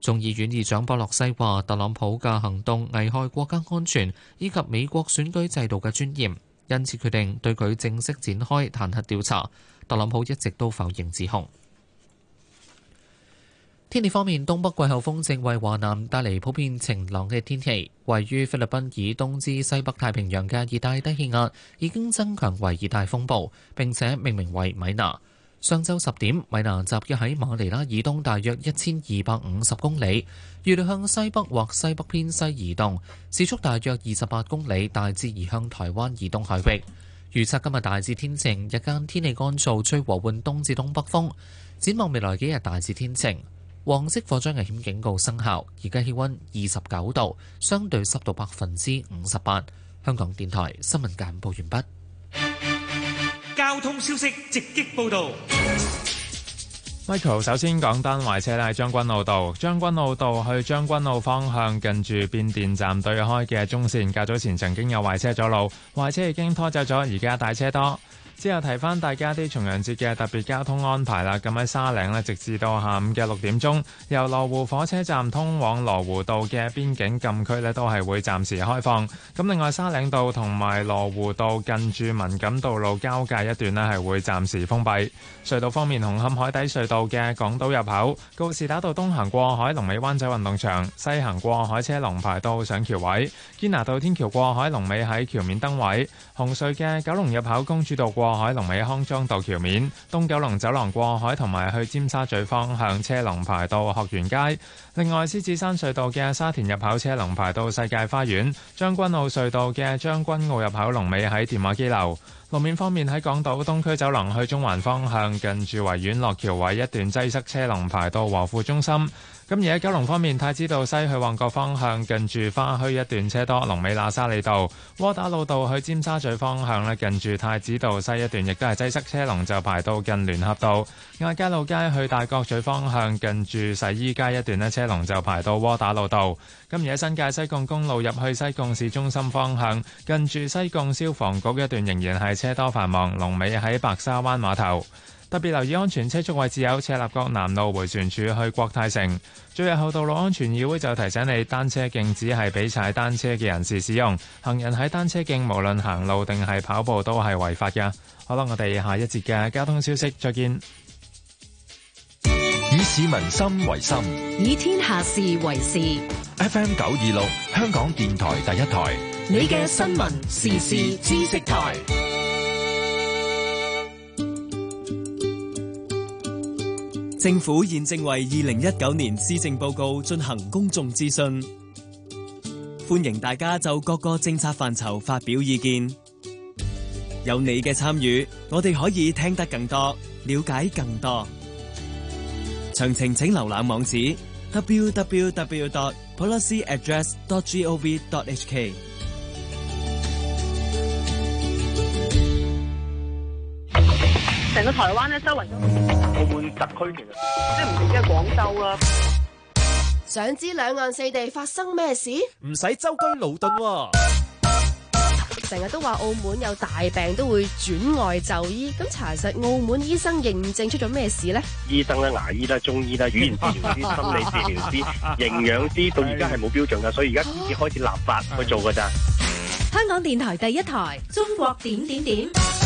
眾議院議長博洛西話：特朗普嘅行動危害國家安全以及美國選舉制度嘅尊嚴，因此決定對佢正式展開彈劾調查。特朗普一直都否認指控。天氣方面，東北季候風正為華南帶嚟普遍晴朗嘅天氣。位於菲律賓以東至西北太平洋嘅熱帶低氣壓已經增強為熱帶風暴，並且命名為米娜。上晝十點，米娜集結喺馬尼拉以東大約一千二百五十公里，預料向西北或西北偏西移動，時速大約二十八公里，大致移向台灣以東海域。預測今日大致天晴，日間天氣乾燥，吹和緩東至東北風。展望未來幾日大致天晴，黃色火災危險警告生效，而家氣溫二十九度，相對濕度百分之五十八。香港電台新聞簡報完畢。交通消息直擊報道，Michael 首先講單壞車喇，喺將軍澳道，將軍澳道去將軍澳方向近住變電站對開嘅中線，較早前曾經有壞車阻路，壞車已經拖走咗，而家大車多。之後提翻大家啲重陽節嘅特別交通安排啦。咁喺沙嶺呢，直至到下午嘅六點鐘，由羅湖火車站通往羅湖道嘅邊境禁區呢，都係會暫時開放。咁另外沙嶺道同埋羅湖道近住敏感道路交界一段呢，係會暫時封閉。隧道方面，紅磡海底隧道嘅港島入口、告士打道東行過海、龍尾灣仔運動場西行過海車龍排到上橋位、堅拿道天橋過海龍尾喺橋面燈位、紅隧嘅九龍入口公主道過。過海龍尾康莊道橋面，東九龍走廊過海同埋去尖沙咀方向車龍排到學園街。另外，獅子山隧道嘅沙田入口車龍排到世界花園。將軍澳隧道嘅將軍澳入口龍尾喺電話機樓。路面方面，喺港島東區走廊去中環方向，近住維園落橋位一段擠塞，車龍排到和富中心。今夜喺九龍方面，太子道西去旺角方向，近住花墟一段車多，龍尾喇沙利道；窩打老道去尖沙咀方向咧，近住太子道西一段亦都係擠塞，車龍就排到近聯合道；亞皆老街去大角咀方向，近住洗衣街一段咧，車龍就排到窩打老道。今夜喺新界西貢公路入去西貢市中心方向，近住西貢消防局一段仍然係車多繁忙，龍尾喺白沙灣碼頭。特別留意安全車速位置有赤鱲角南路回旋處去國泰城。最後道路安全議會就提醒你，單車徑只係俾踩單車嘅人士使用，行人喺單車徑無論行路定係跑步都係違法嘅。好啦，我哋下一節嘅交通消息，再見。以市民心為心，以天下事為事。F M 九二六，香港電台第一台，你嘅新聞時事知識台。政府現正為二零一九年施政報告進行公眾諮詢，歡迎大家就各個政策範疇發表意見。有你嘅參與，我哋可以聽得更多，了解更多。詳情請瀏覽網址：www.policyaddress.gov.hk。成個台灣咧周圍，澳門特區其實即係唔淨係廣州啦、啊。想知兩岸四地發生咩事？唔使周居勞頓、啊。成日都話澳門有大病都會轉外就醫，咁查實澳門醫生認證出咗咩事咧？醫生咧、啊、牙醫啦、啊、中醫啦、啊、語言治療師、 心理治療師、營養師，到而家係冇標準噶， 所以而家已經開始立法去做噶咋。啊、 香港電台第一台，中國點點點,點。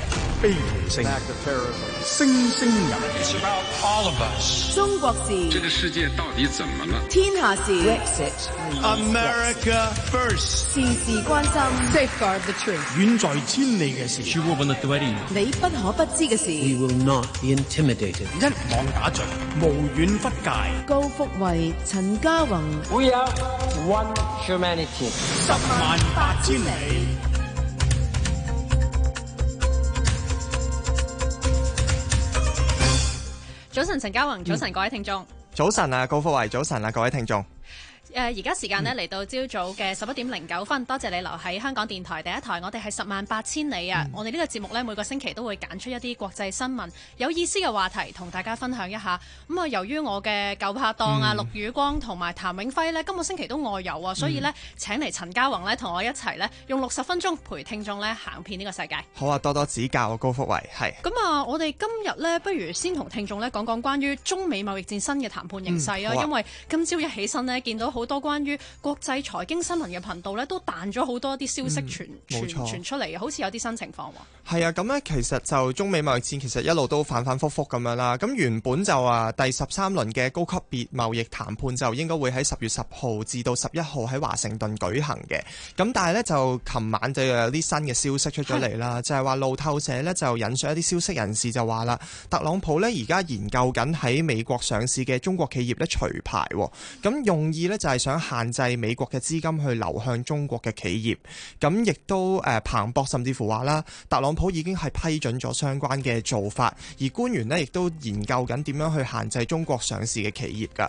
背譜聲，聲聲入耳。中國事，這個世界到底怎麼了？天下事，美國第一。事事關心，遠在千里嘅事，你不可不知嘅事。一網打盡，無遠不屆。高福為，陳嘉宏，We are one humanity 十萬八千里。早晨，陳嘉宏、嗯。早晨，各位聽眾。早晨啊，高富衛。早晨啊，各位聽眾。誒而家時間呢嚟到朝早嘅十一點零九分、嗯，多謝你留喺香港電台第一台。我哋係十萬八千里啊！嗯、我哋呢個節目呢每個星期都會揀出一啲國際新聞有意思嘅話題同大家分享一下。咁、嗯、啊，由於我嘅舊拍檔啊、嗯、陸宇光同埋譚永輝呢，今個星期都外遊啊，嗯、所以呢請嚟陳嘉宏呢，同我一齊呢，用六十分鐘陪聽眾呢行遍呢個世界。好啊，多多指教啊，高福維係。咁啊，我哋今日呢，不如先同聽眾呢講，講講關於中美貿易戰新嘅談判形勢啊、嗯、啊，因為今朝一起身呢，見到好好多關於國際財經新聞嘅頻道咧，都彈咗好多啲消息傳、嗯、傳，傳出嚟，好似有啲新情況喎。係啊，咁咧其實就中美貿易戰其實一路都反反覆覆咁樣啦。咁原本就啊第十三輪嘅高級別貿易談判就應該會喺十月十號至到十一號喺華盛頓舉行嘅。咁但係咧就琴晚就有啲新嘅消息出咗嚟啦，就係、係、話路透社咧就引述一啲消息人士就話啦，特朗普咧而家研究緊喺美國上市嘅中國企業咧除牌，咁用意咧就是，係想限制美國嘅資金去流向中國嘅企業，咁亦都誒、彭博，甚至乎話啦，特朗普已經係批准咗相關嘅做法，而官員呢亦都研究緊點樣去限制中國上市嘅企業㗎。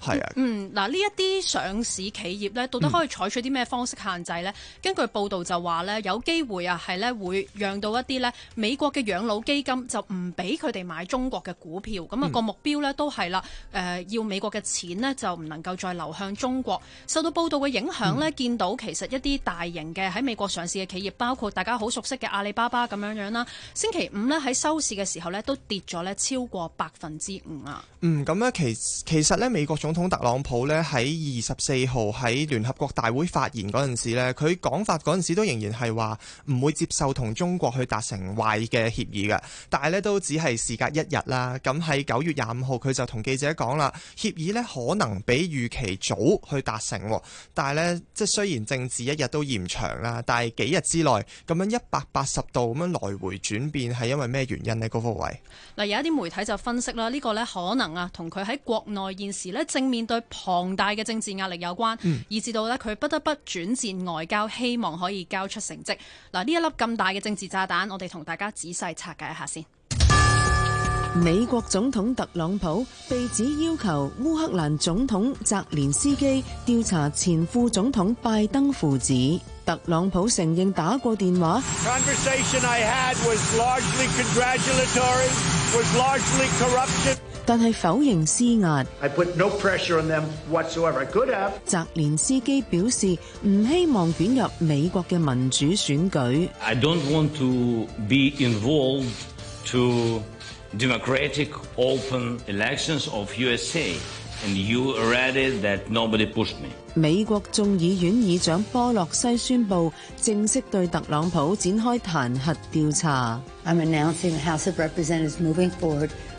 係啊，嗯，嗱呢一啲上市企業咧，到底可以採取啲咩方式限制呢？嗯、根據報道就話咧，有機會啊，係咧會讓到一啲咧美國嘅養老基金就唔俾佢哋買中國嘅股票，咁、嗯、啊、個目標咧都係啦，誒、呃、要美國嘅錢咧就唔能夠再流向中國。受到報道嘅影響咧、嗯，見到其實一啲大型嘅喺美國上市嘅企業，包括大家好熟悉嘅阿里巴巴咁樣樣啦，星期五咧喺收市嘅時候咧都跌咗咧超過百分之五啊。嗯，咁咧其其實咧美國。總統特朗普呢，喺二十四號喺聯合國大會發言嗰陣時呢，佢講法嗰陣時都仍然係話唔會接受同中國去達成壞嘅協議嘅，但係呢都只係事隔一日啦。咁喺九月廿五號佢就同記者講啦，協議呢可能比預期早去達成，但係呢，即係雖然政治一日都嫌長啦，但係幾日之內咁樣一百八十度咁樣來回轉變係因為咩原因呢？嗰幅位嗱，有一啲媒體就分析啦，呢、呢個呢可能啊同佢喺國內現時呢。正面對龐大嘅政治壓力有關，嗯、以至到咧佢不得不轉戰外交，希望可以交出成績。嗱，呢一粒咁大嘅政治炸彈，我哋同大家仔細拆解一下先。美國總統特朗普被指要求烏克蘭總統澤連斯基調查前副總統拜登父子，特朗普承認打過電話。但係否認施壓。澤連斯基表示唔希望捲入美國嘅民主選舉。美國眾議院議長波洛西宣布正式對特朗普展開彈劾調查。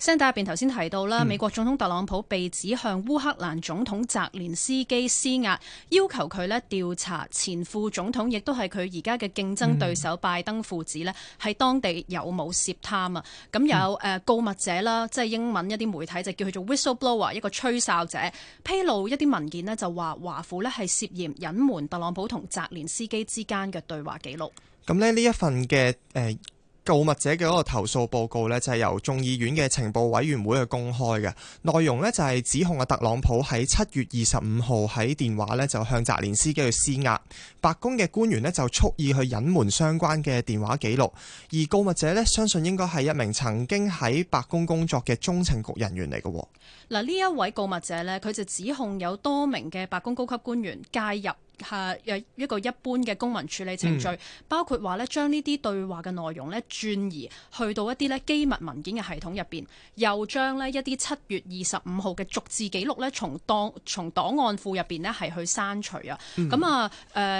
新聞入邊頭先提到啦，美國總統特朗普被指向烏克蘭總統澤連斯基施壓，要求佢咧調查前副總統，亦都係佢而家嘅競爭對手拜登父子呢，喺當地有冇涉貪啊？咁有誒告密者啦，即係英文一啲媒體就叫佢做 whistleblower，一個吹哨者，披露一啲文件呢，就話華府呢係涉嫌隱瞞特朗普同澤連斯基之間嘅對話記錄。咁呢，呢一份嘅誒。呃告密者嘅嗰個投訴報告呢，就係由眾議院嘅情報委員會去公開嘅。內容呢就係指控阿特朗普喺七月二十五號喺電話呢，就向澤連斯基去施壓，白宮嘅官員呢，就蓄意去隱瞞相關嘅電話記錄。而告密者呢，相信應該係一名曾經喺白宮工作嘅中情局人員嚟嘅。嗱，呢一位告密者呢，佢就指控有多名嘅白宮高級官員介入。係一個一般嘅公民處理程序，嗯、包括話咧將呢啲對話嘅內容咧轉移去到一啲咧機密文件嘅系統入邊，又將咧一啲七月二十五號嘅逐字記錄咧從檔從檔案庫入邊咧係去刪除、嗯嗯、啊。咁啊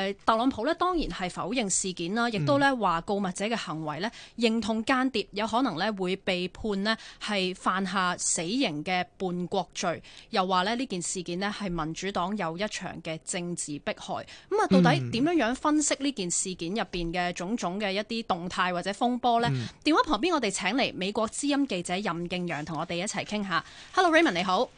誒，特朗普咧當然係否認事件啦，亦都咧話告密者嘅行為咧、嗯、認同間諜，有可能咧會被判咧係犯下死刑嘅叛國罪，又話咧呢件事件咧係民主黨有一場嘅政治迫害。咁啊，到底點樣分析呢件事件入面嘅種種嘅一啲動態或者風波呢？電話旁邊我哋請嚟美國之音記者任敬陽談談，同我哋一齊傾下。Hello，Raymond 你好。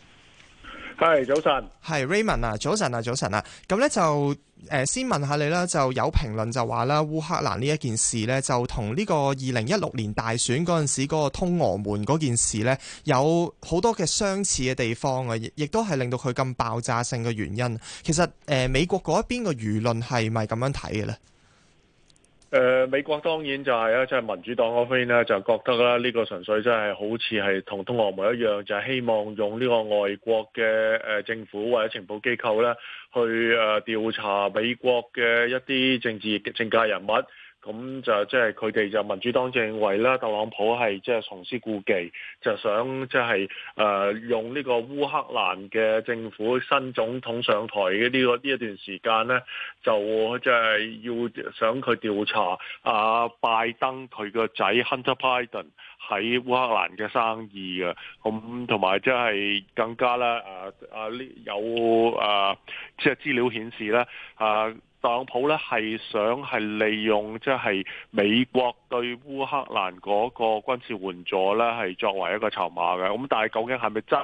係早晨，係 Raymond 啊，Raymond，早晨啊，早晨啊，咁咧就誒、呃，先問下你啦，就有評論就話啦，烏克蘭呢一件事咧，就同呢個二零一六年大選嗰陣時嗰個通俄門嗰件事咧，有好多嘅相似嘅地方啊，亦都係令到佢咁爆炸性嘅原因。其實誒、呃，美國嗰一邊嘅輿論係咪咁樣睇嘅咧？誒、呃，美國當然就係、是、啊，即、就、係、是、民主黨嗰邊咧，就覺得啦、就是，呢個純粹真係好似係同通俄門一樣，就是、希望用呢個外國嘅誒政府或者情報機構咧去誒調查美國嘅一啲政治政界人物。咁就即係佢哋就民主黨認為咧，特朗普係即係重施故技，就想即係誒用呢個烏克蘭嘅政府新總統上台嘅呢個呢一段時間咧，就即係要想佢調查啊拜登佢個仔 Hunter Biden 喺烏克蘭嘅生意啊。咁同埋即係更加咧誒啊呢有誒即係資料顯示咧啊。特朗普呢係想係利用即係、就是、美國對烏克蘭嗰個軍事援助呢係作為一個籌碼嘅，咁但係究竟係咪真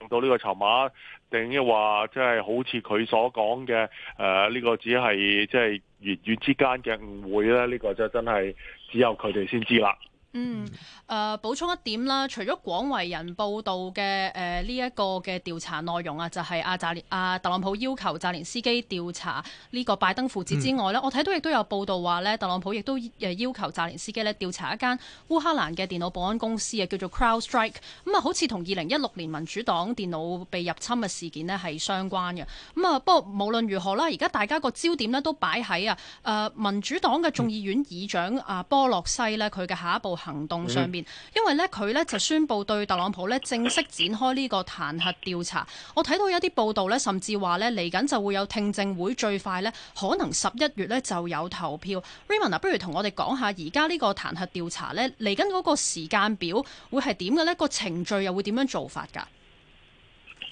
用到呢個籌碼，定係話即係好似佢所講嘅誒呢個只係即係言語之間嘅誤會呢？呢、這個就真係只有佢哋先知啦。嗯，誒、呃、補充一點啦，除咗廣為人報道嘅誒呢一個嘅調查內容、就是、啊，就係阿扎連啊特朗普要求扎連斯基調查呢個拜登父子之外咧、嗯，我睇到亦都有報道話咧，特朗普亦都誒要求扎連斯基咧調查一間烏克蘭嘅電腦保安公司啊，叫做 CrowdStrike。咁啊，好似同二零一六年民主黨電腦被入侵嘅事件咧係相關嘅。咁、嗯、啊，不過無論如何啦，而家大家個焦點咧都擺喺啊誒民主黨嘅眾議院議長、嗯、啊波洛西咧，佢嘅下一步。行動上面，因為咧佢咧就宣布對特朗普咧正式展開呢個彈劾調查。我睇到有啲報道咧，甚至話咧嚟緊就會有聽證會，最快咧可能十一月咧就有投票。Raymond 啊，不如同我哋講下而家呢個彈劾調查咧嚟緊嗰個時間表會係點嘅呢？個程序又會點樣做法㗎？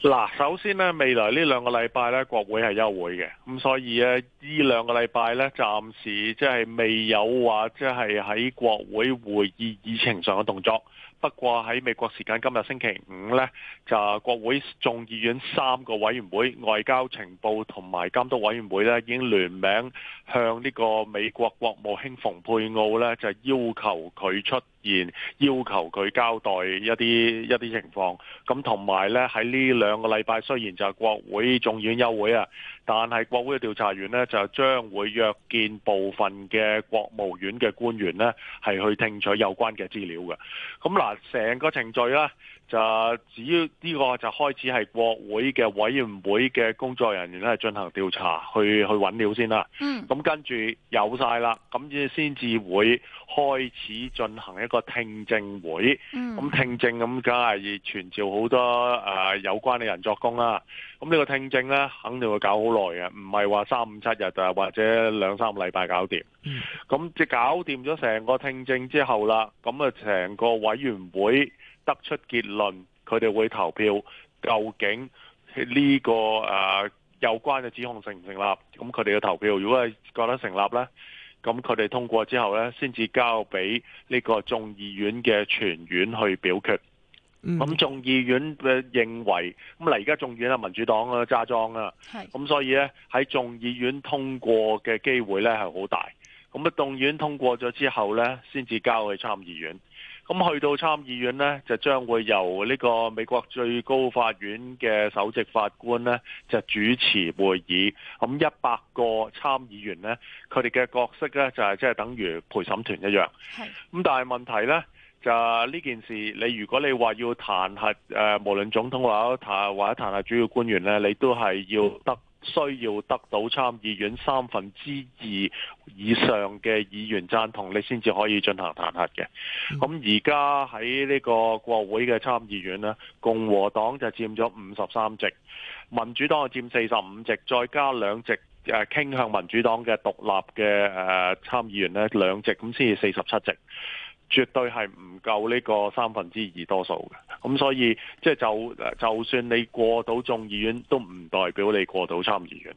嗱，首先咧，未來呢兩個禮拜咧，國會係休會嘅，咁所以咧，呢兩個禮拜咧，暫時即係未有話，即係喺國會會議議程上嘅動作。不過喺美國時間今日星期五呢，就國會眾議院三個委員會，外交、情報同埋監督委員會呢，已經聯名向呢個美國國務卿蓬佩奧呢，就要求佢出現，要求佢交代一啲一啲情況。咁同埋呢，喺呢兩個禮拜雖然就係國會眾議院休會啊。但係國會嘅調查員呢，就將會約見部分嘅國務院嘅官員呢，係去聽取有關嘅資料嘅。咁嗱，成個程序呢，就只要呢個就開始係國會嘅委員會嘅工作人員咧，係進行調查，去去揾料先啦。咁、mm. 跟住有晒啦，咁先先至會開始進行一個聽證會。咁、mm. 聽證咁梗係要傳召好多誒、呃、有關嘅人作供啦。咁、這、呢個聽證呢，肯定會搞好耐嘅，唔係話三五七日呀或者兩三個禮拜搞掂。咁、嗯、即搞掂咗成個聽證之後啦，咁啊成個委員會得出結論，佢哋會投票，究竟呢個誒有關嘅指控成唔成立？咁佢哋嘅投票，如果係覺得成立呢，咁佢哋通過之後呢，先至交俾呢個眾議院嘅全院去表決。咁、mm-hmm. 眾議院嘅認為，咁而家眾議院啊，民主黨啊，揸莊啊，咁所以呢，喺眾議院通過嘅機會呢係好大，咁啊眾議院通過咗之後呢，先至交去參議院，咁去到參議院呢，就將會由呢個美國最高法院嘅首席法官呢，就主持會議，咁一百個參議員呢，佢哋嘅角色呢，就係即係等於陪審團一樣，咁但係問題呢。啊！呢件事你如果你話要彈劾誒、呃，無論總統或者彈或者彈劾主要官員呢，你都係要得需要得到參議院三分之二以上嘅議員贊同，你先至可以進行彈劾嘅。咁而家喺呢個國會嘅參議院呢，共和黨就佔咗五十三席，民主黨就佔四十五席，再加兩席誒傾向民主黨嘅獨立嘅誒參議員呢兩席，咁先至四十七席。絕對係唔夠呢個三分之二多數嘅，咁所以即係就就算你過到眾議院，都唔代表你過到參議院。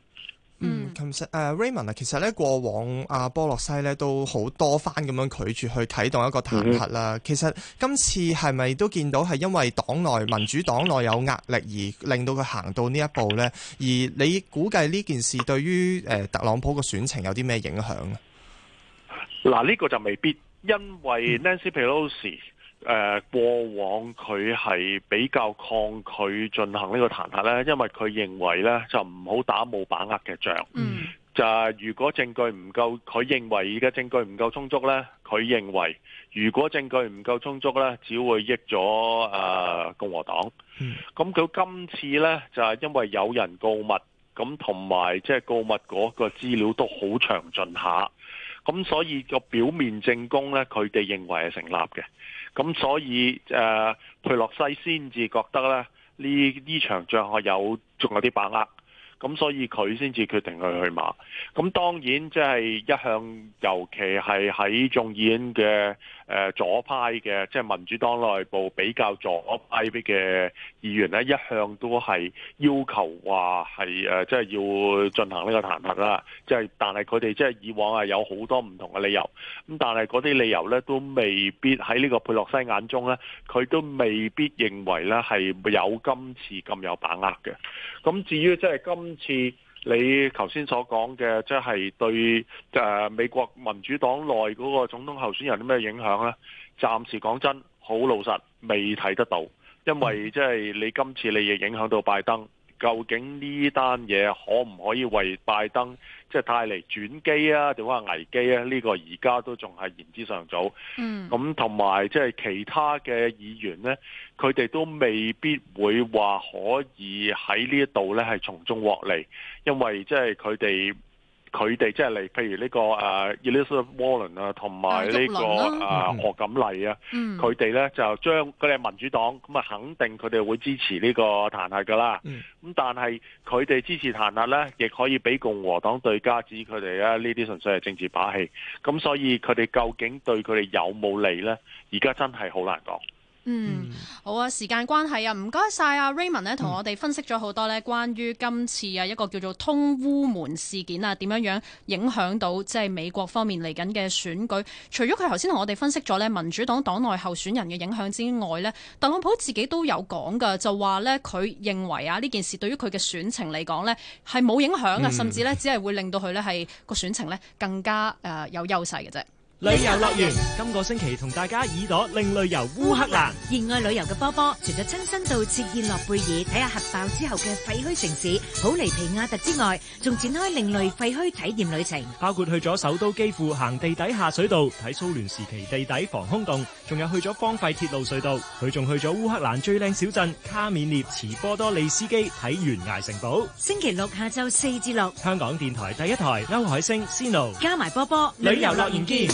嗯，其、uh, 實 Raymond 啊，其實呢，過往阿、啊、波洛西呢都好多番咁樣拒絕去啟動一個彈劾啦。嗯、其實今次係咪都見到係因為黨內民主黨內有壓力而令到佢行到呢一步呢？而你估計呢件事對於誒、呃、特朗普個選情有啲咩影響咧？嗱，呢個就未必。因為 Nancy Pelosi 誒、呃、過往佢係比較抗拒進行呢個彈劾咧，因為佢認為咧就唔好打冇把握嘅仗。嗯，就係如果證據唔夠，佢認為而家證據唔夠充足咧，佢認為如果證據唔夠充足咧，只會益咗誒共和黨。嗯，咁佢今次咧就係因為有人告密，咁同埋即係告密嗰個資料都好詳盡下。咁所以個表面證供咧，佢哋認為係成立嘅。咁所以誒、呃，佩洛西先至覺得咧，呢呢場仗我有仲有啲把握。咁所以佢先至決定去去馬，咁當然即係一向，尤其係喺眾議院嘅誒左派嘅，即係民主黨內部比較左派啲嘅議員咧，一向都係要求話係誒即係要進行呢個彈劾啦。即係但係佢哋即係以往係有好多唔同嘅理由。咁但係嗰啲理由咧，都未必喺呢個佩洛西眼中咧，佢都未必認為咧係有今次咁有把握嘅。咁至於即係今。今次你頭先所講嘅，即係對誒美國民主黨內嗰個總統候選人有啲咩影響呢？暫時講真，好老實，未睇得到，因為即係你今次你亦影響到拜登，究竟呢單嘢可唔可以為拜登？即係帶嚟轉機啊，定話危機啊？呢個而家都仲係言之尚早。嗯，咁同埋即係其他嘅議員呢，佢哋都未必會話可以喺呢一度呢係從中獲利，因為即係佢哋。佢哋即係嚟，譬如呢個誒 Elizabeth Warren 啊，同埋呢個誒何錦麗啊，嗯，佢哋咧就將佢哋係民主黨，咁啊肯定佢哋會支持呢個彈劾噶啦。咁但係佢哋支持彈劾咧，亦可以俾共和黨對家指佢哋咧呢啲純粹係政治把戲。咁所以佢哋究竟對佢哋有冇利咧？而家真係好難講。嗯，好啊！時間關係啊，唔該晒阿 Raymond 呢，同我哋分析咗好多呢關於今次啊一個叫做通烏門事件啊，點樣樣影響到即係美國方面嚟緊嘅選舉。除咗佢頭先同我哋分析咗呢民主黨黨內候選人嘅影響之外呢，特朗普自己都有講㗎，就話呢，佢認為啊呢件事對於佢嘅選情嚟講呢係冇影響啊，嗯，甚至呢只係會令到佢呢係個選情呢更加誒有優勢嘅啫。旅遊樂園今個星期同大家耳朵另類遊烏克蘭，熱愛旅遊嘅波波除咗親身到切爾諾貝爾睇下核爆之後嘅廢墟城市普利皮亞特之外，仲展開另類廢墟體驗旅程，包括去咗首都基輔行地底下水道，睇蘇聯時期地底防空洞，仲有去咗荒廢鐵路隧道。佢仲去咗烏克蘭最靚小鎮卡緬涅茨波多利斯基睇懸崖城堡。星期六下晝四至六，香港電台第一台歐海星 CNO 加埋波波旅遊樂園見。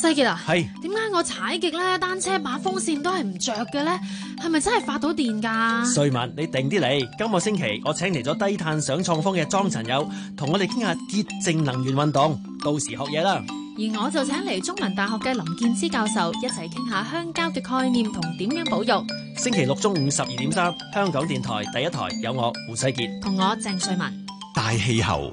世傑啊，係點解我踩極咧單車，把風扇都係唔着嘅呢？係咪真係發到電噶？瑞文，你定啲嚟。今個星期我請嚟咗低碳想創風嘅莊陳友，同我哋傾下潔淨能源運動。到時學嘢啦。而我就請嚟中文大學嘅林建之教授，一齊傾下鄉郊嘅概念同點樣保育。星期六中午十二點三，香港電台第一台有我胡世傑同我鄭瑞文，大氣候。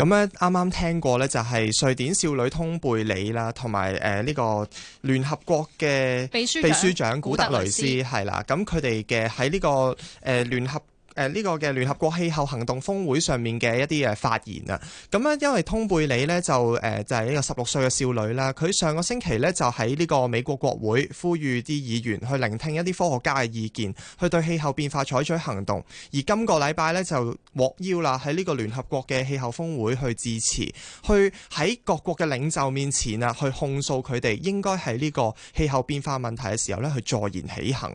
咁咧啱啱聽過咧，就係瑞典少女通貝里啦，同埋誒呢個聯合國嘅秘書長古特雷斯係啦。咁佢哋嘅喺呢個誒聯合誒，呢個嘅聯合國氣候行動峰會上面嘅一啲誒發言啊，咁因為通貝里呢，就誒就係呢個十六歲嘅少女啦，佢上個星期呢，就喺呢個美國國會呼籲啲議員去聆聽一啲科學家嘅意見，去對氣候變化採取行動，而今個禮拜呢，就獲邀啦喺呢個聯合國嘅氣候峰會去致辭，去喺各國嘅領袖面前啊去控訴佢哋應該喺呢個氣候變化問題嘅時候呢，去坐言起行。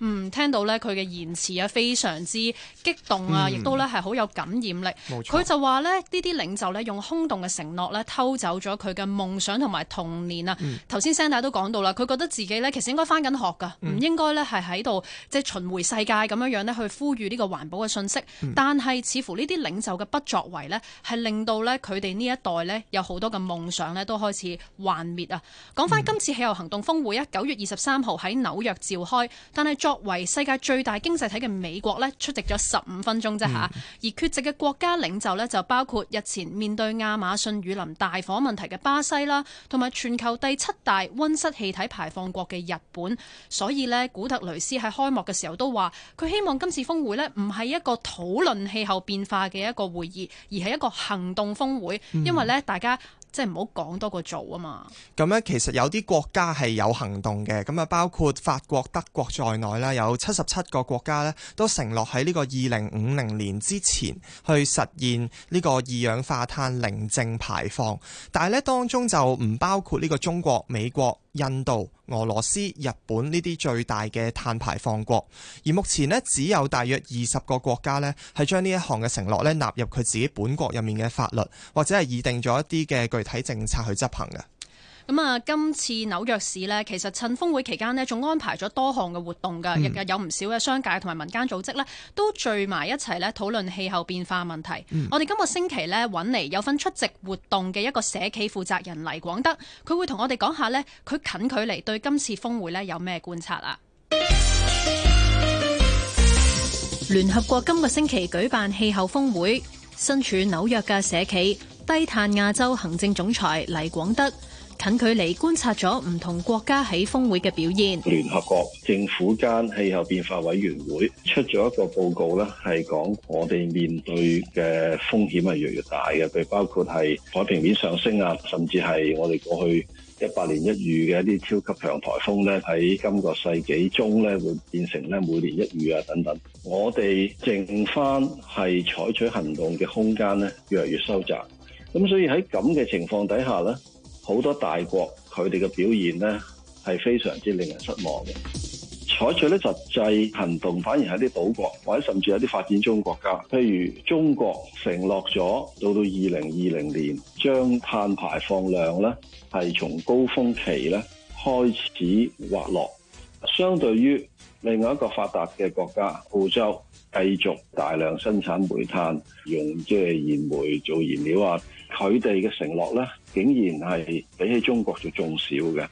嗯，聽到咧佢嘅言辭啊，非常之激動啊，亦都咧係好有感染力。佢、嗯嗯、就話呢呢啲領袖呢，用空洞嘅承諾呢，偷走咗佢嘅夢想同埋童年啊。頭先聲帶都講到啦，佢覺得自己呢，其實應該翻緊學㗎，唔、嗯、應該呢係喺度即係巡迴世界咁樣樣呢去呼籲呢個環保嘅信息。嗯、但係似乎呢啲領袖嘅不作為呢，係令到呢佢哋呢一代呢，有好多嘅夢想呢都開始幻滅啊。講、嗯、翻今次氣候行動峰會啊，九月二十三號喺紐約召開，但作為世界最大經濟體嘅美國咧出席咗十五分鐘啫吓，而缺席嘅國家領袖咧就包括日前面對亞馬遜雨林大火問題嘅巴西啦，同埋全球第七大溫室氣體排放國嘅日本。所以咧，古特雷斯喺開幕嘅時候都話，佢希望今次峰會咧唔係一個討論氣候變化嘅一個會議，而係一個行動峰會，因為咧大家。嗯即係唔好講多過做啊嘛！咁咧，其實有啲國家係有行動嘅，咁啊包括法國、德國在內啦，有七十七個國家咧都承諾喺呢個二零五零年之前去實現呢個二氧化碳零淨排放，但係咧當中就唔包括呢個中國、美國、印度、俄羅斯、日本呢啲最大嘅碳排放國，而目前呢只有大約二十個國家呢係將呢一項嘅承諾呢納入佢自己本國入面嘅法律，或者係擬定咗一啲嘅具體政策去執行嘅。咁啊！今次紐約市咧，其實趁峰會期間咧，仲安排咗多項嘅活動㗎。日、嗯、日有唔少嘅商界同埋民間組織咧，都聚埋一齊咧，討論氣候變化問題。嗯、我哋今個星期咧揾嚟有份出席活動嘅一個社企負責人黎廣德，佢會同我哋講下咧佢近距離對今次峰會咧有咩觀察啊？聯合國今個星期舉辦氣候峰會，身處紐約嘅社企低碳亞洲行政總裁黎廣德。近距離觀察咗唔同國家喺峰會嘅表現。聯合國政府間氣候變化委員會出咗一個報告咧，係講我哋面對嘅風險係越嚟越大嘅。譬如包括係海平面上升啊，甚至係我哋過去一百年一遇嘅一啲超級強颱風咧，喺今個世紀中咧會變成咧每年一遇啊等等。我哋剩翻係採取行動嘅空間咧，越嚟越收窄。咁所以喺咁嘅情況底下咧。好多大國佢哋嘅表現呢係非常之令人失望嘅，採取啲實際行動反而係啲島國或者甚至係啲發展中國家，譬如中國承諾咗到到二零二零年將碳排放量呢係從高峰期呢開始滑落。相對於另外一個發達嘅國家澳洲，繼續大量生產煤炭，用即係燃煤做燃料，啊，佢哋嘅承諾咧，竟然係比起中國就仲少嘅。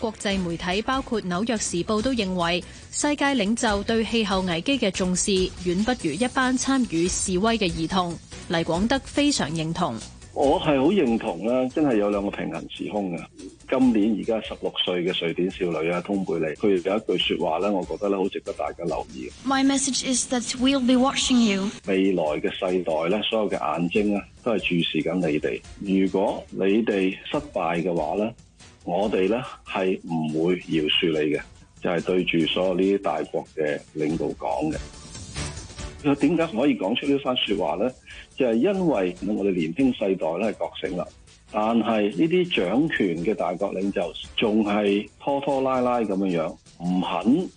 國際媒體包括紐約時報都認為世界領袖對氣候危機嘅重視，遠不如一班參與示威嘅兒童。黎廣德非常認同，我係好認同啦，真係有兩個平行時空嘅。今年而家十六歲嘅瑞典少女啊，通貝利，佢有一句説話咧，我覺得咧好值得大家留意。My message is that we'll be watching you。未來嘅世代咧，所有嘅眼睛啊，都係注視緊你哋。如果你哋失敗嘅話咧，我哋咧係唔會饒恕你嘅，就係對住所有呢啲大國嘅領導講嘅。點解可以講出呢番説話咧？就係因為我哋年輕世代咧係覺醒啦。但係呢啲掌權嘅大國領袖仲係拖拖拉拉咁樣樣，唔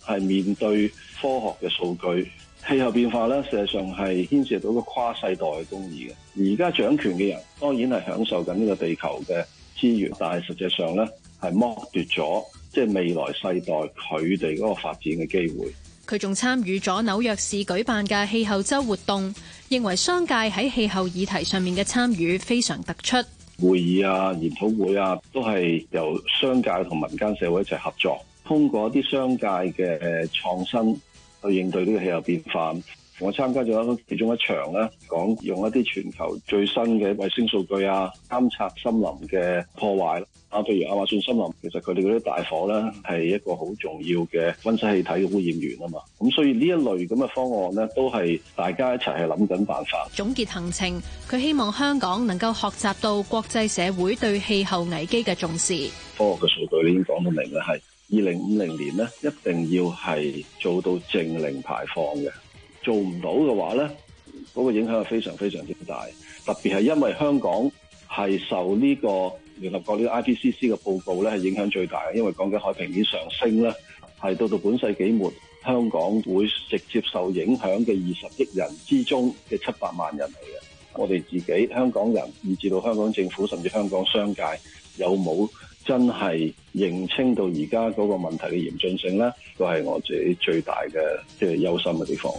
肯係面對科學嘅數據。氣候變化咧，事實上係牽涉到個跨世代嘅公義嘅。而家掌權嘅人當然係享受緊呢個地球嘅資源，但係實際上咧係剝奪咗即係未來世代佢哋嗰個發展嘅機會。佢仲參與咗紐約市舉辦嘅氣候周活動，認為商界喺氣候議題上面嘅參與非常突出。會議啊、研討會啊，都係由商界同民間社會一齊合作，通過一啲商界嘅創新去應對呢個氣候變化。我參加咗其中一場咧，講用一啲全球最新嘅衛星數據啊，監測森林嘅破壞啦啊，譬如亞馬遜森林，其實佢哋嗰啲大火咧係一個好重要嘅溫室氣體嘅污染源啊嘛。咁所以呢一類咁嘅方案咧，都係大家一齊係諗緊辦法。總結行程，佢希望香港能夠學習到國際社會對氣候危機嘅重視。科學嘅數據已經講得明啦，係二零五零年咧，一定要係做到淨零排放嘅。做唔到嘅話，呢嗰個影響係非常非常之大，特別係因為香港係受呢個聯合國呢個 IPCC 嘅報告咧，係影響最大嘅，因為講緊海平面上升咧，係到到本世紀末，香港會直接受影響嘅二十億人之中嘅七百萬人嚟嘅。我哋自己香港人，以至到香港政府，甚至香港商界，有冇？真係認清到而家嗰個問題嘅嚴峻性咧，都係我自己最大嘅，即係憂心嘅地方。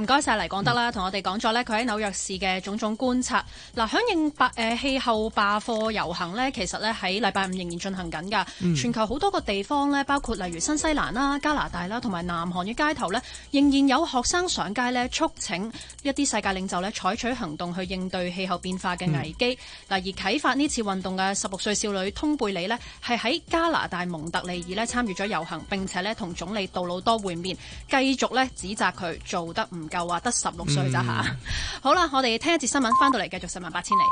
唔該晒黎廣德啦，同我哋講咗咧佢喺紐約市嘅種種觀察。嗱，響應霸誒氣候罷課遊行咧，其實咧喺禮拜五仍然進行緊㗎。全球好多個地方咧，包括例如新西蘭啦、加拿大啦，同埋南韓嘅街頭咧，仍然有學生上街咧，促請一啲世界領袖咧採取行動去應對氣候變化嘅危機。嗱、嗯，而啟發呢次運動嘅十六歲少女通貝里咧，係喺加拿大蒙特利爾咧參與咗遊行，並且咧同總理杜魯多會面，繼續咧指責佢做得唔。夠話得十六歲咋吓？嗯、好啦，我哋聽一節新聞，翻到嚟，繼續十萬八千里。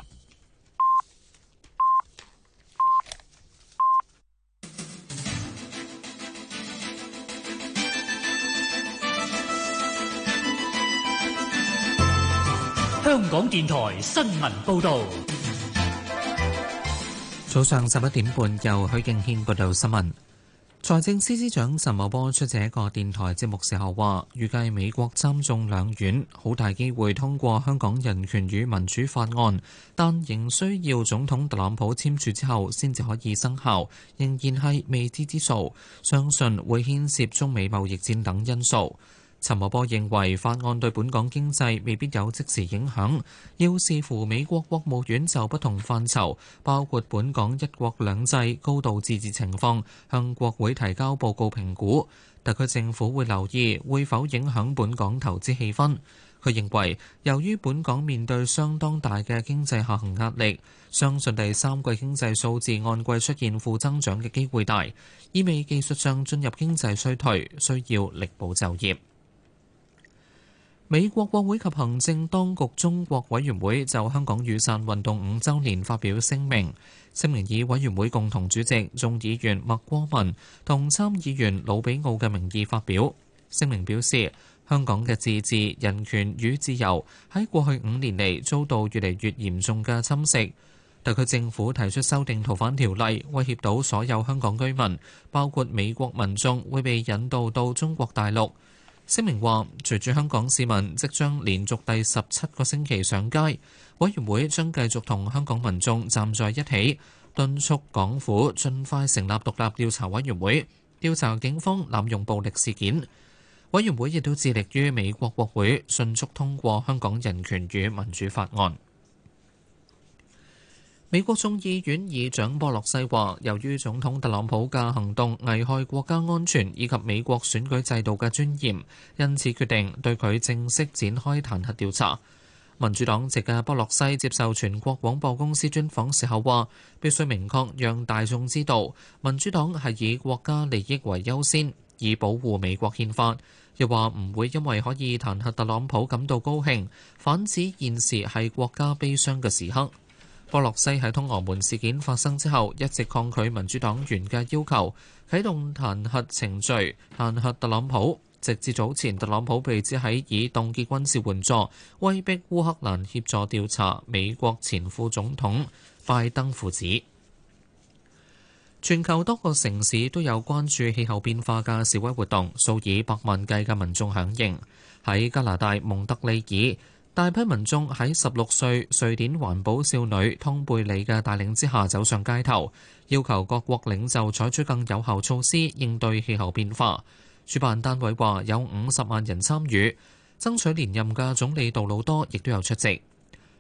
香港電台新聞報道，早上十一點半由許敬軒報道新聞。財政司司長陳茂波出席一個電台節目的時候話，預計美國參眾兩院好大機會通過香港人權與民主法案，但仍需要總統特朗普簽署之後先至可以生效，仍然係未知之數，相信會牽涉中美貿易戰等因素。陳伯波認為法案對本港經濟未必有即時影響，要試圖美國國目遠奏不同範疇，包括本港一國兩制高度自治情況，向國會提交報告評估，特區政府會留意會否影響本港投資氣氛。他認為由於本港面對相當大的經濟學習壓力，將順利三個經濟數字按規出現負增長的機會大，以美技術上進入經濟衰退，需要力保就業。美國國會及行政當局中國委員會就香港雨傘運動五周年發表聲明，聲明以委員會共同主席、眾議員麥戈文同參議員魯比奧嘅名義發表。聲明表示，香港嘅自治、人權與自由喺過去五年嚟遭到越嚟越嚴重嘅侵蝕，特區政府提出修訂逃犯條例，威脅到所有香港居民，包括美國民眾，會被引渡到中國大陸。聲明話：隨住香港市民即將連續第十七個星期上街，委員會將繼續同香港民眾站在一起，敦促港府盡快成立獨立調查委員會，調查警方濫用暴力事件。委員會亦都致力於美國國會迅速通過《香港人權與民主法案》。美國眾議院議長波洛西話，由於總統特朗普嘅行動危害國家安全以及美國選舉制度嘅尊嚴，因此決定對佢正式展開彈劾調查。民主黨籍嘅波洛西接受全國廣播公司專訪時候話，必須明確讓大眾知道，民主黨係以國家利益為優先，以保護美國憲法。又話唔會因為可以彈劾特朗普感到高興，反指現時係國家悲傷嘅時刻。波洛西喺通俄門事件發生之後，一直抗拒民主黨員嘅要求，啟動彈劾程序彈劾特朗普。直至早前，特朗普被指喺以凍結軍事援助威逼烏克蘭協助調查美國前副總統拜登父子。全球多個城市都有關注氣候變化嘅示威活動，數以百萬計嘅民眾響應，喺加拿大蒙特利爾。大批民眾喺十六歲瑞典環保少女通貝里嘅帶領之下走上街頭，要求各國領袖採取更有效措施應對氣候變化。主辦單位話有五十萬人參與，爭取連任嘅總理杜魯多亦都有出席。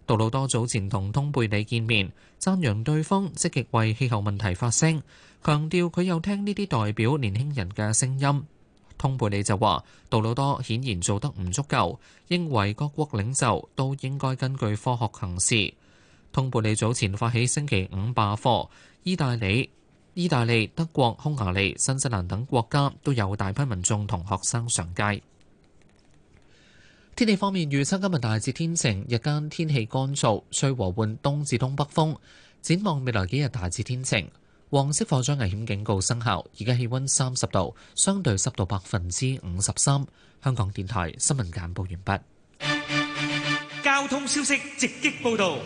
杜魯多早前同通貝里見面，讚揚對方積極為氣候問題發聲，強調佢有聽呢啲代表年輕人嘅聲音。通貝里就話：杜魯多顯然做得唔足夠，認為各國領袖都應該根據科學行事。通貝里早前發起星期五罷課，意大利、意大利、德國、匈牙利、新西蘭等國家都有大批民眾同學生上街。天氣方面預測今日大致天晴，日間天氣乾燥，吹和緩東至東北風。展望未來幾日大致天晴。黃色火災危險警告生效，而家氣温三十度，相對濕度百分之五十三。香港電台新聞簡報完畢。交通消息，直擊報導。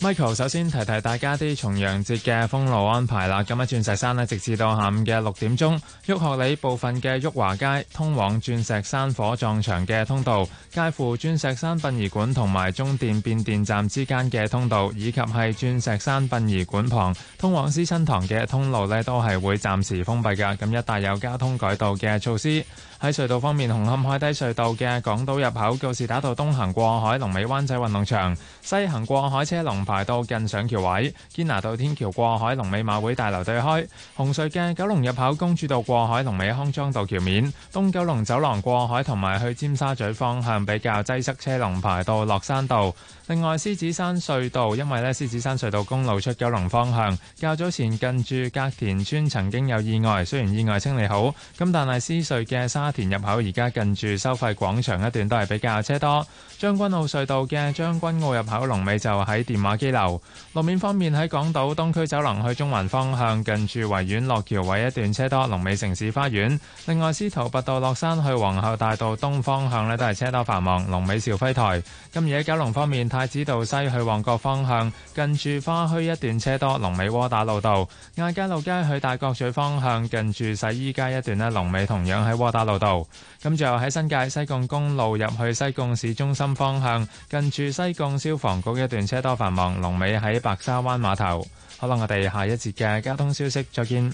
Michael 首先提提大家啲重陽節嘅封路安排啦。咁喺鑽石山呢，直至到下午嘅六點鐘，旭學里部分嘅旭華街通往鑽石山火葬場嘅通道，介乎鑽石山殯儀館同埋中電變電站之間嘅通道，以及係鑽石山殯儀館旁通往思親堂嘅通路呢，都係會暫時封閉㗎。咁一帶有交通改道嘅措施。喺隧道方面，紅磡海底隧道嘅港島入口告士打道東行過海，龍尾灣仔運動場西行過海車龍排到近上橋位；堅拿道天橋過海龍尾馬會大樓對開。紅隧嘅九龍入口公主道過海龍尾康莊道橋面，東九龍走廊過海同埋去尖沙咀方向比較擠塞，車龍排到落山道。另外，獅子山隧道因為咧，獅子山隧道公路出九龍方向，較早前近住隔田村曾經有意外，雖然意外清理好，咁但係獅隧嘅沙田入口而家近住收費廣場一段都係比較車多。將軍澳隧道嘅將軍澳入口龍尾就喺電話機樓。路面方面，喺港島東區走廊去中環方向，近住維園落橋位一段車多，龍尾城市花園。另外，司徒拔道落山去皇后大道東方向咧，都係車多繁忙，龍尾兆輝台。今日九龍方面，太子道西去旺角方向，近住花墟一段車多，龍尾窩打老道；亞皆老街去大角咀方向，近住洗衣街一段咧，龍尾同樣喺窩打老道。咁就喺新界西貢公路入去西貢市中心方向，近住西貢消防局一段車多繁忙，龍尾喺白沙灣碼頭。好啦，我哋下一節嘅交通消息再見。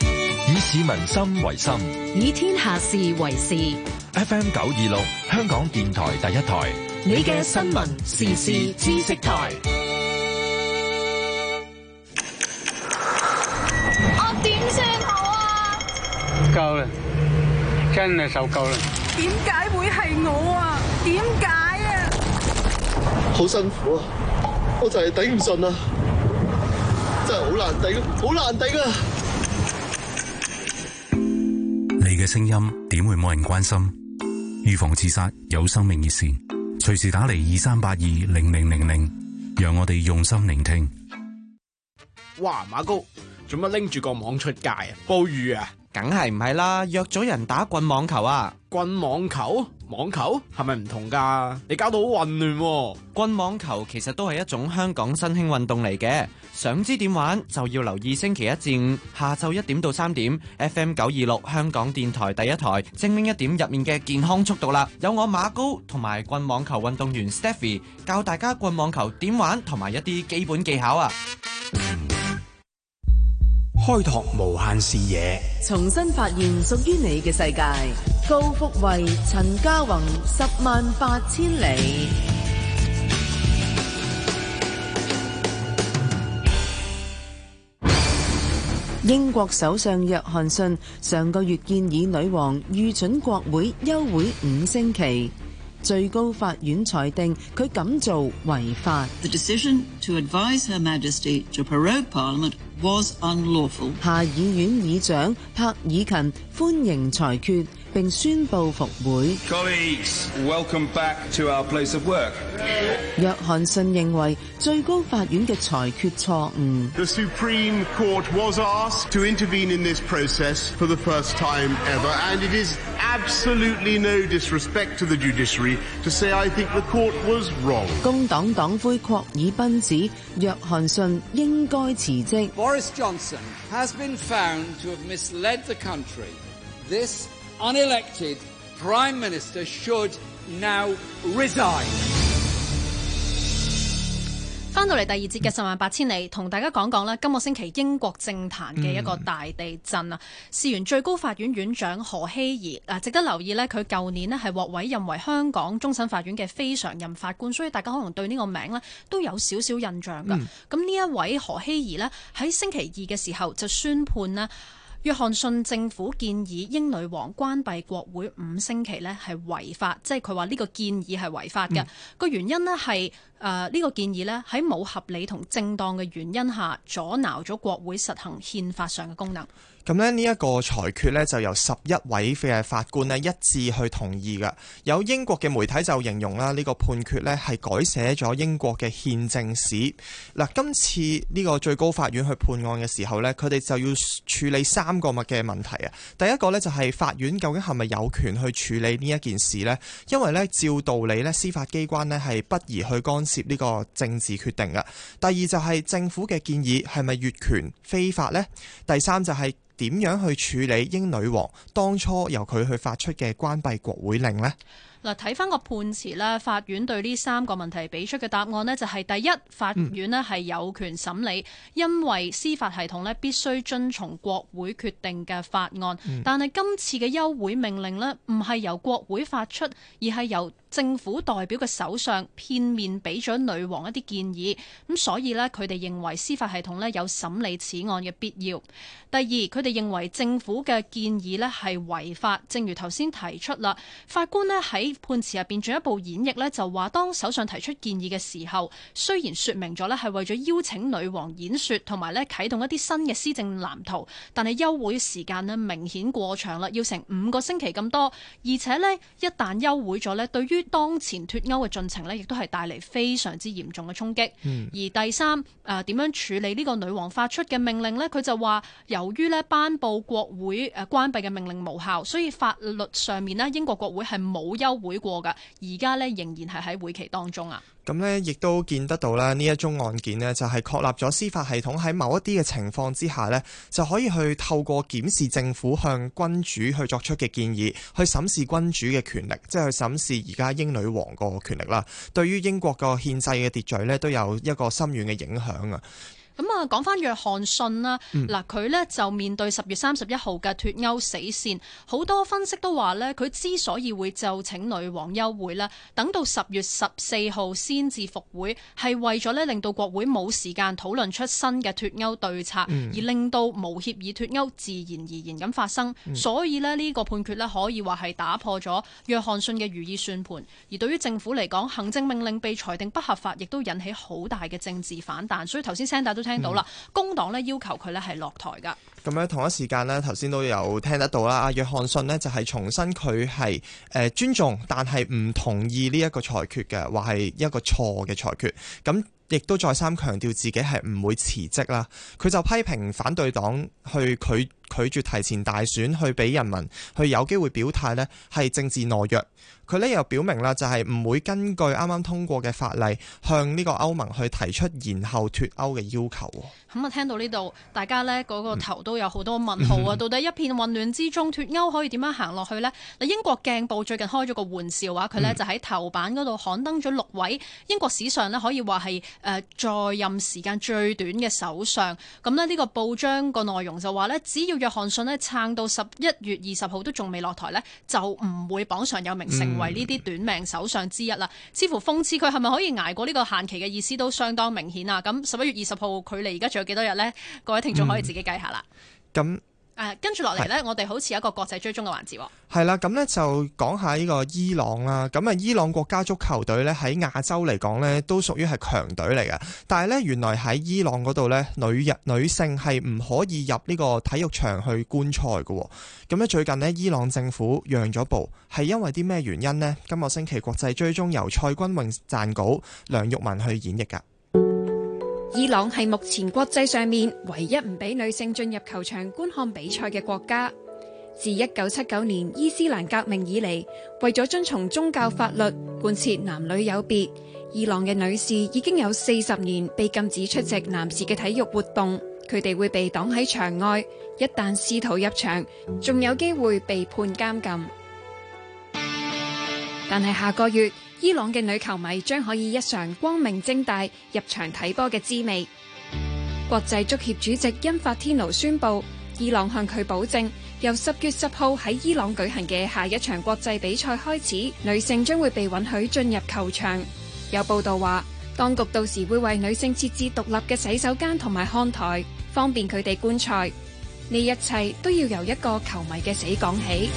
以市民心為心，以天下事為事。FM 九二六，香港電台第一台，你嘅新聞時事知識台。我點算好啊？夠啦，真係受夠啦。點解會係我啊？點解啊？好辛苦啊！我就係頂唔順啊，真係好難頂，好難頂啊！你嘅聲音點會冇人關心？預防自殺有生命熱線，隨時打嚟二三八二零零零零，讓我哋用心聆聽。哇馬高，做乜拎住個網出街雨啊？捕魚啊？梗係唔係啦，約咗人打棍網球啊！棍網球，網球係咪唔同噶？你搞到好混亂。棍網球其實都係一種香港新興運動嚟嘅，想知點玩就要留意星期一至五下晝一點到三點，F M 九二六香港電台第一台，精靈一點入面嘅健康速度啦，有我馬高同埋棍網球運動員 Stephy 教大家棍網球點玩同埋一啲基本技巧啊！開拓無限視野，重新發現屬於你嘅世界。高福慧、陳家宏，十萬八千里。英國首相約翰遜上個月建議女王預准國會休會五星期。最高法院裁定佢咁做違法。The decision to advise Her Majesty to prorogue Parliament was unlawful. 下議院議長柏爾勤歡迎裁決。並宣佈復會。約翰遜認為最高法院嘅裁決錯誤。工黨黨魁霍爾賓指約翰遜應該辭職。翻到嚟第二節嘅十萬八千里，同大家講講咧，今個星期英國政壇嘅一個大地震啊！事、嗯、源最高法院院長何熙怡啊，值得留意呢，佢舊年係系獲委任為香港終審法院嘅非常任法官，所以大家可能對呢個名呢都有少少印象噶。咁、嗯、呢一位何熙怡喺星期二嘅時候就宣判呢約翰遜政府建議英女王關閉國會五星期咧係違法，即係佢話呢個建議係違法嘅。個、嗯、原因咧係誒呢個建議咧喺冇合理同正當嘅原因下阻撓咗國會實行憲法上嘅功能。咁呢一個裁決呢，就由十一位法官呢一致去同意㗎。有英國嘅媒體就形容啦，呢個判決呢，係改寫咗英國嘅憲政史。嗱，今次呢個最高法院去判案嘅時候呢，佢哋就要處理三個乜嘅問題啊。第一個呢，就係法院究竟係咪有權去處理呢一件事呢？因為呢，照道理呢，司法機關呢，係不宜去干涉呢個政治決定㗎。第二就係政府嘅建議係咪越權非法呢？第三就係、是。點樣去處理英女王當初由佢去發出嘅關閉國會令呢？嗱，睇翻個判詞咧，法院對呢三個問題俾出嘅答案呢，就係第一，法院咧係有權審理，嗯、因為司法系統必須遵從國會決定嘅法案，嗯、但係今次嘅休會命令呢，唔係由國會發出，而係由。政府代表嘅首相片面俾咗女王一啲建議，咁所以咧佢哋認為司法系統咧有審理此案嘅必要。第二，佢哋認為政府嘅建議咧係違法。正如頭先提出啦，法官咧喺判詞入邊進一步演繹咧，就話當首相提出建議嘅時候，雖然說明咗咧係為咗邀請女王演說同埋咧啟動一啲新嘅施政藍圖，但係休會時間咧明顯過長啦，要成五個星期咁多，而且咧一旦休會咗咧，對於。當前脫歐嘅進程咧，亦都係帶嚟非常之嚴重嘅衝擊。而第三誒，點樣處理呢個女王發出嘅命令咧？佢就話由於呢頒佈國會誒關閉嘅命令無效，所以法律上面呢英國國會係冇休會過嘅，而家呢，仍然係喺會期當中啊。咁呢亦都見得到啦。呢一宗案件呢，就係確立咗司法系統喺某一啲嘅情況之下呢，就可以去透過檢視政府向君主去作出嘅建議，去審視君主嘅權力，即係去審視而家英女王個權力啦。對於英國個憲制嘅秩序呢，都有一個深遠嘅影響啊！咁啊，講翻約翰遜啦，嗱佢咧就面對十月三十一號嘅脱歐死線，好多分析都話咧，佢之所以會就請女王休會啦，等到十月十四號先至復會，係為咗咧令到國會冇時間討論出新嘅脱歐對策，而令到無協議脱歐自然而然咁發生。所以咧呢個判決咧可以話係打破咗約翰遜嘅如意算盤，而對於政府嚟講，行政命令被裁定不合法，亦都引起好大嘅政治反彈，所以頭先聲大都聽到啦，工黨咧要求佢咧係落台㗎。咁喺同一時間咧，頭先都有聽得到啦。阿約翰遜呢，就係重申佢係誒尊重，但係唔同意呢一個裁決嘅，話係一個錯嘅裁決。咁亦都再三強調自己係唔會辭職啦。佢就批評反對黨去佢，拒絕提前大選去俾人民去有機會表態，呢係政治懦弱。佢呢又表明啦，就係唔會根據啱啱通過嘅法例向呢個歐盟去提出延後脫歐嘅要求。咁啊，聽到呢度，大家呢嗰個頭都有好多問號啊、嗯！到底一片混亂之中，脫歐可以點樣行落去呢？」嗱，英國鏡報最近開咗個玩笑話佢呢就喺頭版嗰度刊登咗六位英國史上呢可以話係誒在任時間最短嘅首相。咁呢，呢個報章個內容就話呢，只要若翰遜咧，撐到十一月二十號都仲未落台呢，就唔會榜上有名，成為呢啲短命首相之一啦、嗯。似乎諷刺佢係咪可以捱過呢個限期嘅意思都相當明顯啊！咁十一月二十號距離而家仲有幾多日呢？各位聽眾可以自己計下啦。嗯嗯跟住落嚟呢，我哋好似有一個國際追蹤嘅環節喎。係啦，咁呢就講下呢個伊朗啦。咁啊，伊朗國家足球隊呢，喺亞洲嚟講呢，都屬於係強隊嚟嘅。但係呢，原來喺伊朗嗰度呢，女女性係唔可以入呢個體育場去觀賽喎。咁呢，最近呢，伊朗政府讓咗步，係因為啲咩原因呢？今個星期國際追蹤由蔡君穎撰稿，梁玉文去演繹㗎。伊朗係目前國際上面唯一唔俾女性進入球場觀看比賽嘅國家。自一九七九年伊斯蘭革命以嚟，為咗遵從宗教法律，貫徹男女有別，伊朗嘅女士已經有四十年被禁止出席男士嘅體育活動，佢哋會被擋喺場外，一旦試圖入場，仲有機會被判監禁。但係下個月。伊朗嘅女球迷將可以一嘗光明正大入場睇波嘅滋味。國際足協主席因法天奴宣布，伊朗向佢保證，由十月十號喺伊朗舉行嘅下一場國際比賽開始，女性將會被允許進入球場。有報道話，當局到時會為女性設置獨立嘅洗手間同埋看台，方便佢哋觀賽。呢一切都要由一個球迷嘅死講起。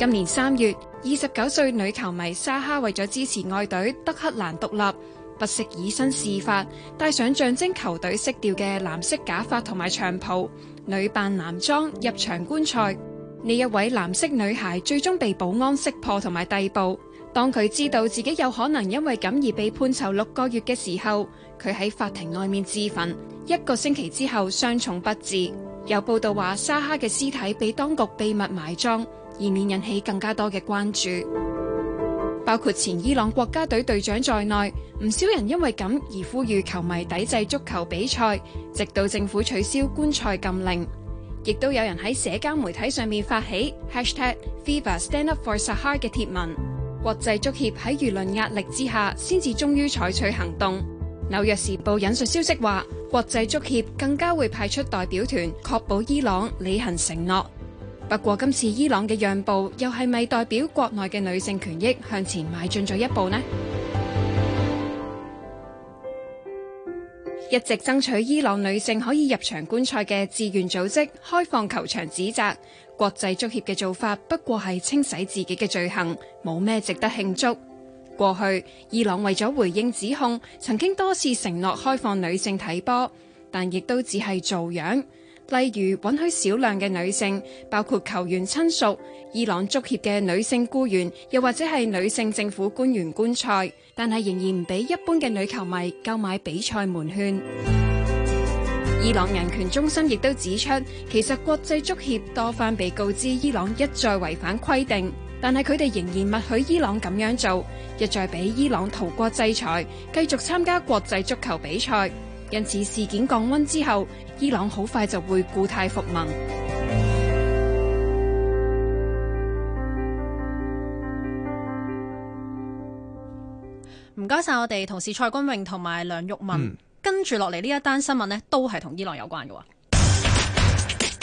今年三月，二十九歲女球迷沙哈為咗支持愛隊德克蘭獨立，不惜以身試法，戴上象徵球隊色調嘅藍色假髮同埋長袍，女扮男裝入場觀賽。呢一位藍色女孩最終被保安識破同埋逮捕。當佢知道自己有可能因為咁而被判囚六個月嘅時候，佢喺法庭外面自焚。一個星期之後，傷重不治。有報道話，沙哈嘅屍體被當局秘密埋葬。以免引起更加多嘅關注，包括前伊朗國家隊隊長在內，唔少人因為咁而呼籲球迷抵制足球比賽，直到政府取消觀賽禁令。亦都有人喺社交媒體上面發起 #FIFAStandUpForSahar 嘅貼文。國際足協喺輿論壓力之下，先至終於採取行動。紐約時報引述消息話，國際足協更加會派出代表團，確保伊朗履行承諾。不過今次伊朗嘅讓步，又係咪代表國內嘅女性權益向前邁進咗一步呢？一直爭取伊朗女性可以入場觀賽嘅志願組織開放球場，指責國際足協嘅做法不過係清洗自己嘅罪行，冇咩值得慶祝。過去伊朗為咗回應指控，曾經多次承諾開放女性睇波，但亦都只係做樣。例如允許少量嘅女性，包括球員親屬、伊朗足協嘅女性僱員，又或者係女性政府官員觀賽，但係仍然唔俾一般嘅女球迷購買比賽門券。 伊朗人權中心亦都指出，其實國際足協多番被告知伊朗一再違反規定，但係佢哋仍然默許伊朗咁樣做，一再俾伊朗逃過制裁，繼續參加國際足球比賽。因此事件降溫之後，伊朗好快就會故態復萌。唔該晒，我哋同事蔡君榮同埋梁玉文跟住落嚟呢一單新聞呢，都係同伊朗有關嘅喎。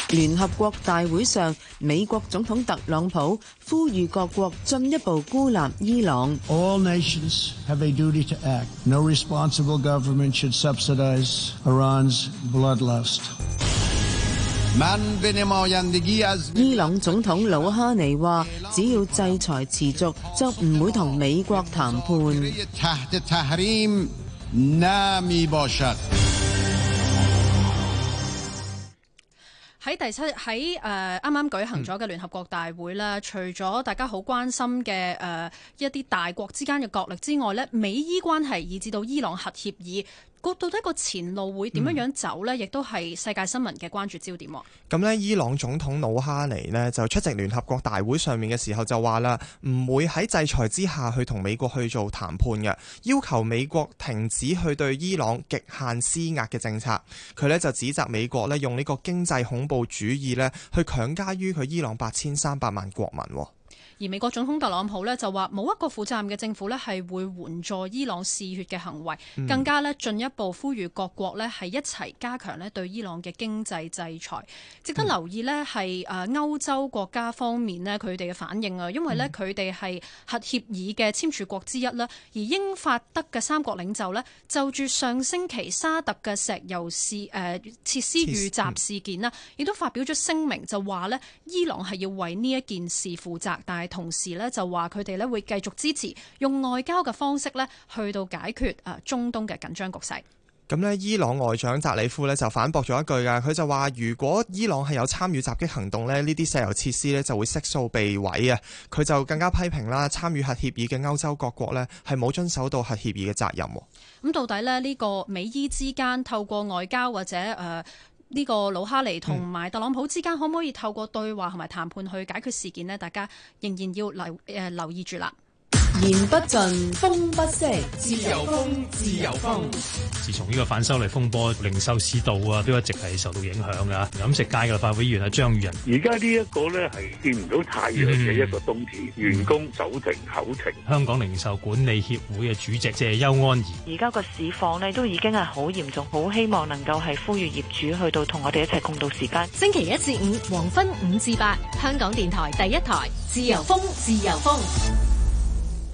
聯合國大會上，美國總統特朗普呼籲各國進一步孤立伊朗。伊朗總統魯哈尼話：只要制裁持續，就唔會同美國談判。喺第七喺誒啱啱舉行咗嘅聯合國大會咧、嗯，除咗大家好關心嘅誒一啲大國之間嘅角力之外咧，美伊關係以至到伊朗核協議。個到底個前路會點樣樣走呢？亦都係世界新聞嘅關注焦點。咁呢，伊朗總統魯哈尼呢，就出席聯合國大會上面嘅時候就話啦，唔會喺制裁之下去同美國去做談判嘅，要求美國停止去對伊朗極限施壓嘅政策。佢呢，就指責美國呢，用呢個經濟恐怖主義呢，去強加於佢伊朗八千三百萬國民。而美國總統特朗普咧就話，冇一個負責任嘅政府咧係會援助伊朗嗜血嘅行為，更加咧進一步呼籲各國咧係一齊加強咧對伊朗嘅經濟制裁。值得留意咧係誒歐洲國家方面咧佢哋嘅反應啊，因為咧佢哋係核協議嘅簽署國之一啦。而英法德嘅三國領袖呢，就住上星期沙特嘅石油事誒設施遇襲事件啦，亦都發表咗聲明就話呢，伊朗係要為呢一件事負責，但同時咧就話佢哋咧會繼續支持用外交嘅方式咧去到解決啊中東嘅緊張局勢。咁呢，伊朗外長扎里夫呢就反駁咗一句噶，佢就話如果伊朗係有參與襲擊行動呢，呢啲石油設施呢就會悉數被毀啊！佢就更加批評啦，參與核協議嘅歐洲各國呢，係冇遵守到核協議嘅責任。咁到底呢，呢個美伊之間透過外交或者誒，呃呢、這個魯哈尼同埋特朗普之間可唔可以透過對話同埋談判去解決事件呢？大家仍然要留留意住啦。言不盡，風不息，自由風，自由風。自從呢個反修例風波，零售市道啊，都一直係受到影響嘅、啊。飲食界嘅立法會議員張、啊、宇人，而家呢一個呢係見唔到太陽嘅一個冬天。員工走停口停、嗯。香港零售管理協會嘅主席謝邱安儀，而家個市況呢都已經係好嚴重，好希望能夠係呼籲業主去到我同我哋一齊共度時間。星期一至五黃昏五至八，香港電台第一台自由風，自由風。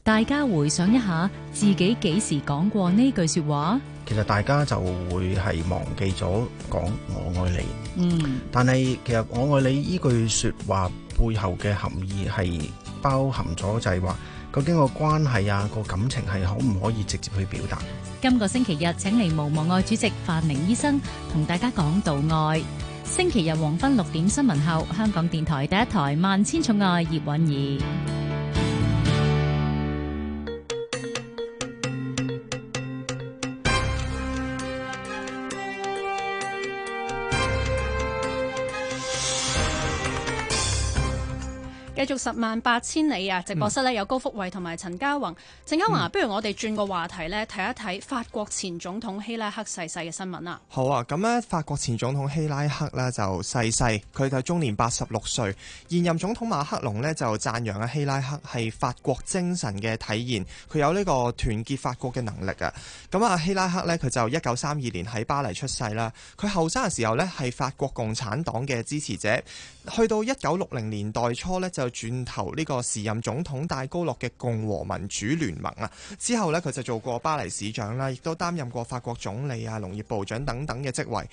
大家回想一下，自己幾時講過呢句說話？其實大家就會係忘記咗講我愛你。嗯，但係其實我愛你呢句說話背後嘅含義係包含咗，就係話究竟個關係啊個感情係可唔可以直接去表達？今個星期日，請嚟無望愛主席范寧醫生同大家講道愛。星期日黃昏六點新聞後，香港電台第一台萬千寵愛葉韻儀。繼續十萬八千里啊！直播室咧有高福慧同埋陳嘉宏。陳、嗯、嘉宏，不如我哋轉個話題咧，睇一睇法國前總統希拉克逝世嘅新聞啦。好啊，咁咧法國前總統希拉克呢就逝世，佢就終年八十六歲。現任總統馬克龍呢就讚揚啊希拉克係法國精神嘅體現，佢有呢個團結法國嘅能力嘅。咁啊，希拉克呢，佢就一九三二年喺巴黎出世啦。佢後生嘅時候呢係法國共產黨嘅支持者，去到一九六零年代初呢。就。轉投呢個時任總統戴高樂嘅共和民主聯盟啊，之後呢，佢就做過巴黎市長啦，亦都擔任過法國總理啊、農業部長等等嘅職位，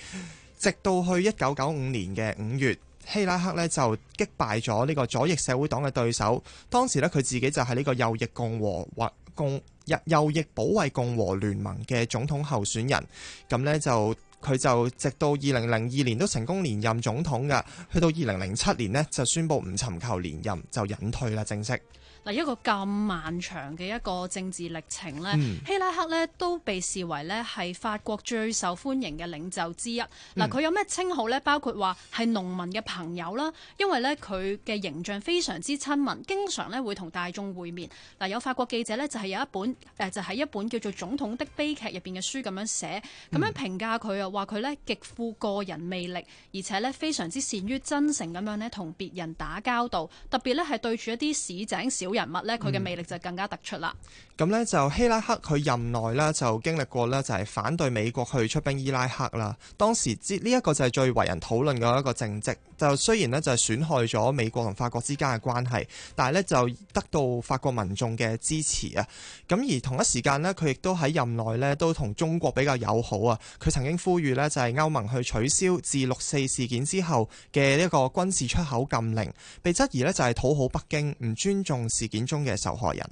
直到去一九九五年嘅五月，希拉克呢就擊敗咗呢個左翼社會黨嘅對手。當時呢，佢自己就係呢個右翼共和或共右右翼保衛共和聯盟嘅總統候選人，咁呢，就。佢就直到二零零二年都成功連任總統㗎，去到二零零七年呢，就宣布唔尋求連任，就隱退啦，正式。一個咁漫長嘅一個政治歷程咧、嗯，希拉克咧都被視為咧係法國最受歡迎嘅領袖之一。嗱、嗯，佢有咩稱號咧？包括話係農民嘅朋友啦，因為咧佢嘅形象非常之親民，經常咧會同大眾會面。嗱，有法國記者咧就係有一本誒就係、是、一本叫做《總統的悲劇》入邊嘅書咁樣寫咁樣評價佢啊，話佢咧極富個人魅力，而且咧非常之善於真誠咁樣咧同別人打交道，特別咧係對住一啲市井小人人物咧，佢嘅魅力就更加突出啦。咁、嗯、咧就希拉克佢任內呢，就經歷過呢，就係反對美國去出兵伊拉克啦。當時之呢一個就係最為人討論嘅一個政績。就雖然呢，就係損害咗美國同法國之間嘅關係，但係呢，就得到法國民眾嘅支持啊。咁而同一時間呢，佢亦都喺任內呢，都同中國比較友好啊。佢曾經呼籲呢，就係歐盟去取消自六四事件之後嘅呢個軍事出口禁令，被質疑呢，就係討好北京，唔尊重事件中嘅受害人。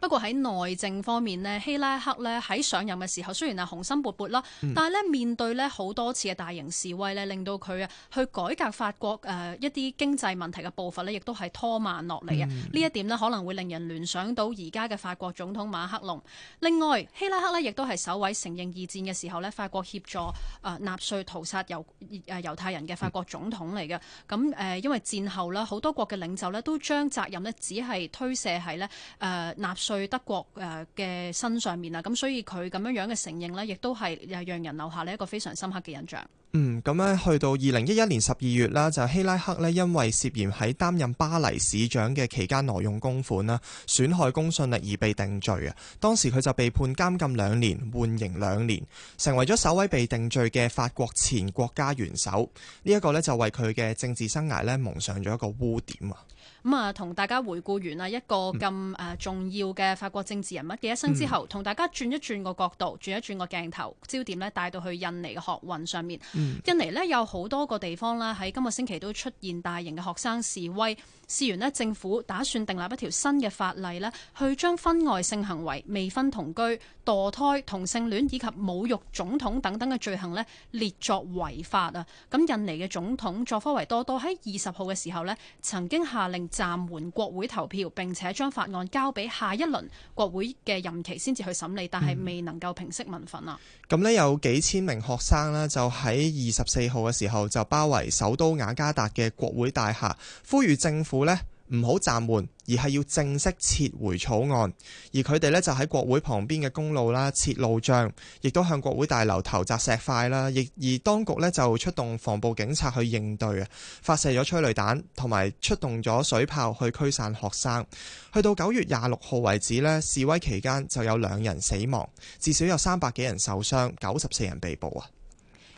不過喺內政方面呢，希拉克呢喺上任嘅時候，雖然係雄心勃勃啦，嗯、但係呢面對呢好多次嘅大型示威呢，令到佢啊去改革法國誒一啲經濟問題嘅步伐呢，亦都係拖慢落嚟嘅。呢、嗯、一點呢可能會令人聯想到而家嘅法國總統馬克龍。另外，希拉克呢亦都係首位承認二戰嘅時候呢，法國協助誒納粹屠殺猶誒猶太人嘅法國總統嚟嘅。咁、嗯、誒因為戰後呢，好多國嘅領袖呢，都將責任呢只係推卸喺呢誒納粹，在德國誒嘅身上面啊，咁所以佢咁樣樣嘅承認呢，亦都係又讓人留下呢一個非常深刻嘅印象。嗯，咁咧去到二零一一年十二月啦，就希拉克呢，因為涉嫌喺擔任巴黎市長嘅期間挪用公款啦，損害公信力而被定罪啊。當時佢就被判監禁兩年，緩刑兩年，成為咗首位被定罪嘅法國前國家元首。呢、這、一個呢，就為佢嘅政治生涯呢，蒙上咗一個污點啊。咁、嗯、啊，同大家回顧完啊一個咁誒重要嘅法國政治人物嘅一生之後，同大家轉一轉個角度，轉一轉個鏡頭焦點呢，帶到去印尼嘅學運上面。嗯、印尼咧有好多個地方啦，喺今個星期都出現大型嘅學生示威。事緣咧，政府打算訂立一條新嘅法例咧，去將婚外性行為、未婚同居、墮胎、同性戀以及侮辱總統等等嘅罪行咧列作違法啊。咁印尼嘅總統佐科維多多喺二十號嘅時候咧，曾經下令暫緩國會投票，並且將法案交俾下一輪國會嘅任期先至去審理，嗯、但係未能夠平息民憤啊。咁、嗯、咧有幾千名學生咧就喺二十四號嘅時候就包圍首都雅加達嘅國會大廈，呼籲政府呢唔好暫緩，而係要正式撤回草案。而佢哋呢就喺國會旁邊嘅公路啦，設路障，亦都向國會大樓投擲石塊啦。亦而當局呢，就出動防暴警察去應對，發射咗催淚彈，同埋出動咗水炮去驅散學生。去到九月廿六號為止呢，示威期間就有兩人死亡，至少有三百幾人受傷，九十四人被捕啊。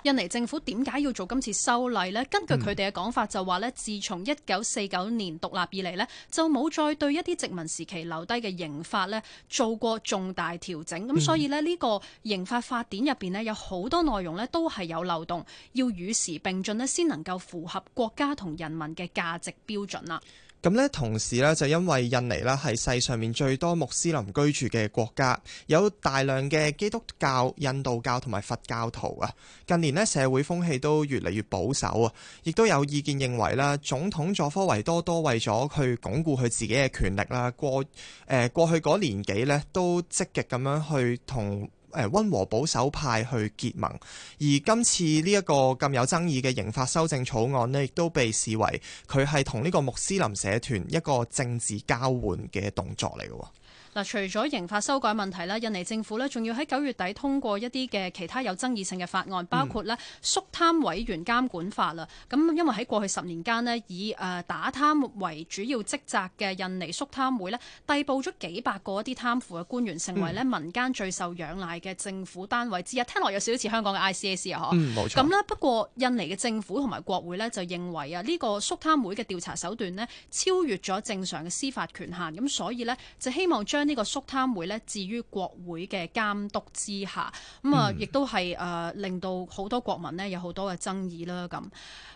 印尼政府點解要做今次修例呢？根據佢哋嘅講法，就話咧，自從一九四九年獨立以嚟呢就冇再對一啲殖民時期留低嘅刑法呢做過重大調整。咁所以呢，呢個刑法法典入邊呢，有好多內容呢都係有漏洞，要與時並進呢先能夠符合國家同人民嘅價值標準啦。咁咧，同時咧，就因為印尼呢係世上面最多穆斯林居住嘅國家，有大量嘅基督教、印度教同埋佛教徒啊。近年咧，社會風氣都越嚟越保守啊，亦都有意見認為啦，總統佐科維多多為咗去鞏固佢自己嘅權力啦，過誒過去嗰年幾咧，都積極咁樣去同。誒溫和保守派去結盟，而今次呢一個咁有爭議嘅刑法修正草案呢，亦都被視為佢係同呢個穆斯林社團一個政治交換嘅動作嚟嘅。嗱，除咗刑法修改問題，咧，印尼政府咧仲要喺九月底通過一啲嘅其他有爭議性嘅法案，包括咧縮貪委員監管法啦。咁因為喺過去十年間咧，以誒打貪為主要職責嘅印尼縮貪會咧，逮捕咗幾百個一啲貪腐嘅官員，成為咧民間最受仰賴嘅政府單位之一。聽落有少少似香港嘅 ICAC 啊、嗯，嗬。咁咧不過印尼嘅政府同埋國會咧就認為啊，呢個縮貪會嘅調查手段咧超越咗正常嘅司法權限，咁所以呢就希望將將呢個縮貪會咧置於國會嘅監督之下，咁啊，亦都係誒令到好多國民咧有好多嘅爭議啦。咁、嗯、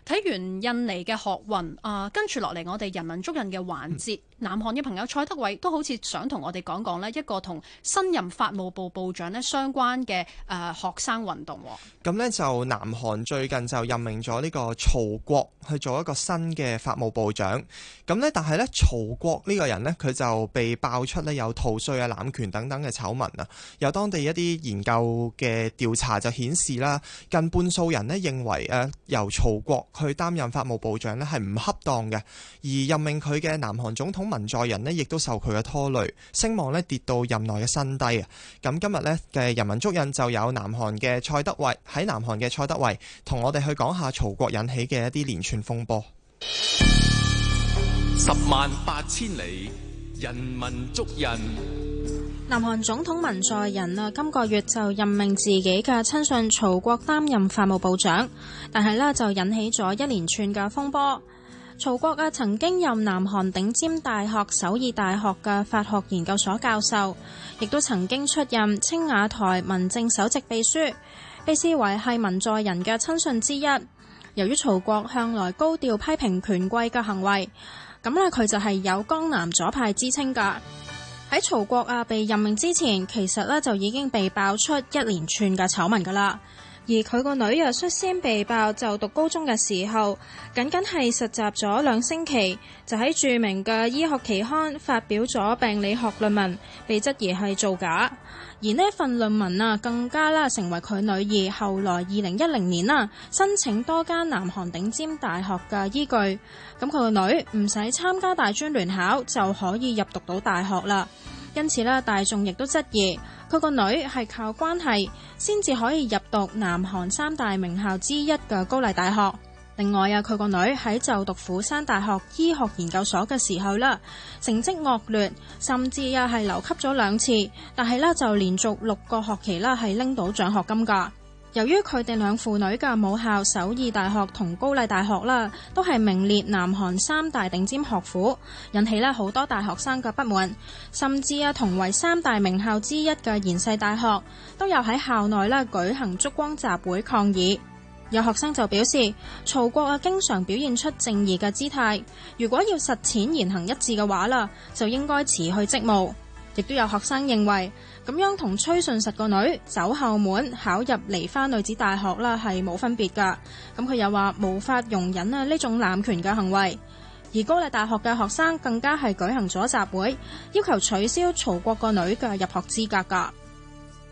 睇完印尼嘅學運啊，跟住落嚟我哋人民足印嘅環節，嗯、南韓嘅朋友蔡德偉都好似想同我哋講講咧一個同新任法務部部長咧相關嘅誒學生運動。咁呢，就南韓最近就任命咗呢個曹國去做一個新嘅法務部長。咁呢，但係呢，曹國呢個人呢，佢就被爆出咧有，逃稅啊、濫權等等嘅醜聞啊，有當地一啲研究嘅調查就顯示啦，近半數人咧認為誒由曹國去擔任法務部長咧係唔恰當嘅，而任命佢嘅南韓總統文在寅咧亦都受佢嘅拖累，聲望咧跌到任內嘅新低啊！咁今日咧嘅《人民足印》就有南韓嘅蔡德惠喺南韓嘅蔡德惠同我哋去講下曹國引起嘅一啲連串風波。十萬八千里。人民足印。南韓總統文在人寅啊，今個月就任命自己嘅親信曹國擔任法務部長，但係呢就引起咗一連串嘅風波。曹國啊，曾經任南韓頂尖大學首爾大學嘅法學研究所教授，亦都曾經出任青瓦台民政首席秘書，被視為係文在寅嘅親信之一。由於曹國向來高調批評權貴嘅行為。咁咧，佢就係有江南左派之稱噶。喺曹國啊，被任命之前，其實咧就已經被爆出一連串嘅醜聞噶啦。而佢個女又率先被爆就讀高中嘅時候，僅僅係實習咗兩星期，就喺著名嘅醫學期刊發表咗病理學論文，被質疑係造假。而呢份論文啊，更加啦成為佢女兒後來二零一零年啊申請多間南韓頂尖大學嘅依據。咁佢個女唔使參加大專聯考就可以入讀到大學啦。因此咧，大眾亦都質疑。佢個女係靠關係先至可以入讀南韓三大名校之一嘅高麗大學。另外啊，佢個女喺就讀釜山大學醫學研究所嘅時候啦，成績惡劣，甚至又係留級咗兩次，但係咧就連續六個學期啦係拎到獎學金噶。由於佢哋兩父女嘅母校首爾大學同高麗大學啦，都係名列南韓三大頂尖學府，引起咧好多大學生嘅不滿，甚至啊同為三大名校之一嘅延世大學，都有喺校內咧舉行燭光集會抗議。有學生就表示，曹國啊經常表現出正義嘅姿態，如果要實踐言行一致嘅話啦，就應該辭去職務。亦都有學生認為，咁樣同崔順實個女走後門考入梨花女子大學啦，係冇分別噶。咁佢又話無法容忍啊呢種濫權嘅行為，而高麗大學嘅學生更加係舉行咗集會，要求取消曹國個女嘅入學資格。噶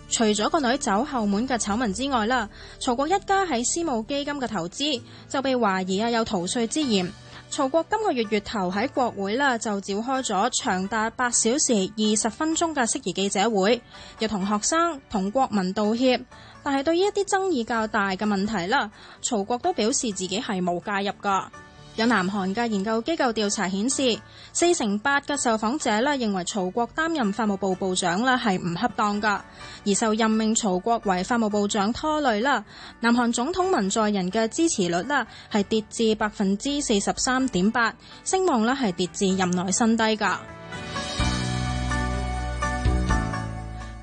除咗個女走後門嘅醜聞之外啦，曹國一家喺私募基金嘅投資就被懷疑啊有逃稅之嫌。曹國今個月月頭喺國會呢就召開咗長達八小時二十分鐘嘅釋疑記者會，又同學生同國民道歉。但係對於一啲爭議較大嘅問題啦，曹國都表示自己係冇介入噶。有南韓嘅研究機構調查顯示，四成八嘅受訪者咧認為曹國擔任法務部部長咧係唔恰當噶，而受任命曹國為法務部長拖累啦，南韓總統文在寅嘅支持率啦係跌至百分之四十三點八，聲望咧係跌至任內新低噶。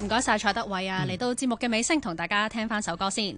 唔該晒蔡德偉啊，嚟到節目嘅尾聲，同大家聽翻首歌先。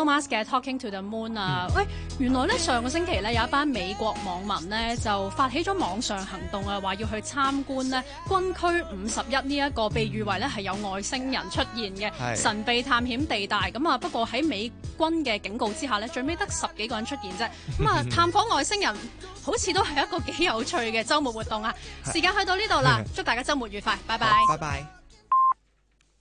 Thomas 嘅 Talking to the Moon 啊，喂，原來咧上個星期咧有一班美國網民咧就發起咗網上行動啊，話要去參觀咧軍區五十一呢一個被譽為咧係有外星人出現嘅神秘探險地帶。咁啊，不過喺美軍嘅警告之下咧，最尾得十幾個人出現啫。咁啊，探訪外星人好似都係一個幾有趣嘅周末活動啊。時間去到呢度啦，祝大家周末愉快，愉快，拜拜，拜拜。